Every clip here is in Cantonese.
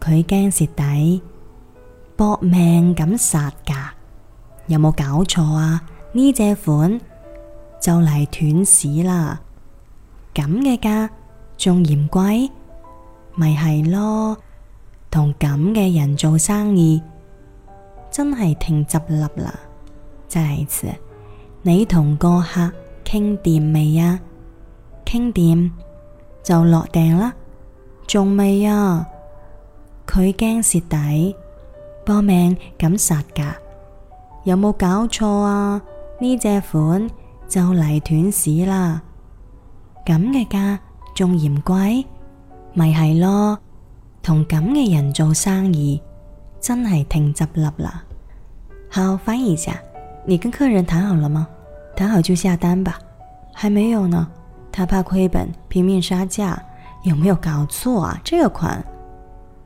佢驚蝕底，搏命咁殺價，有冇搞錯啊？呢隻款就嚟斷市啦，咁嘅價仲嫌貴，咪係咯？同咁嘅人做生意真係聽執笠啦。真係似你同個客傾掂未啊？傾掂就落訂啦，仲未啊？佢驚蝕底，搏命咁殺價，有冇搞錯啊？呢隻款就嚟斷市啦！咁嘅價仲嫌貴，咪係咯？同咁嘅人做生意真係聽執笠啦！好，翻譯一下，你跟客人談好了嗎？談好就下單吧。還沒有呢，他怕虧本，拼命殺價，有沒有搞錯啊？這個款。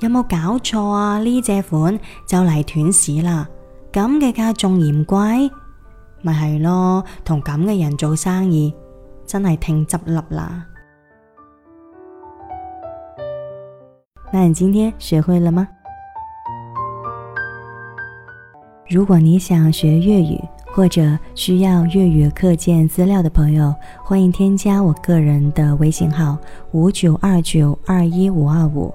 有冇搞錯啊？呢隻款就嚟斷市啦！咁嘅價仲嫌貴，咪係咯。同咁嘅人做生意真係聽執笠啦。那你今天學會了嗎？如果你想學粵語或者需要粵語課件資料的朋友，歡迎添加我個人的微信號五九二九二一五二五。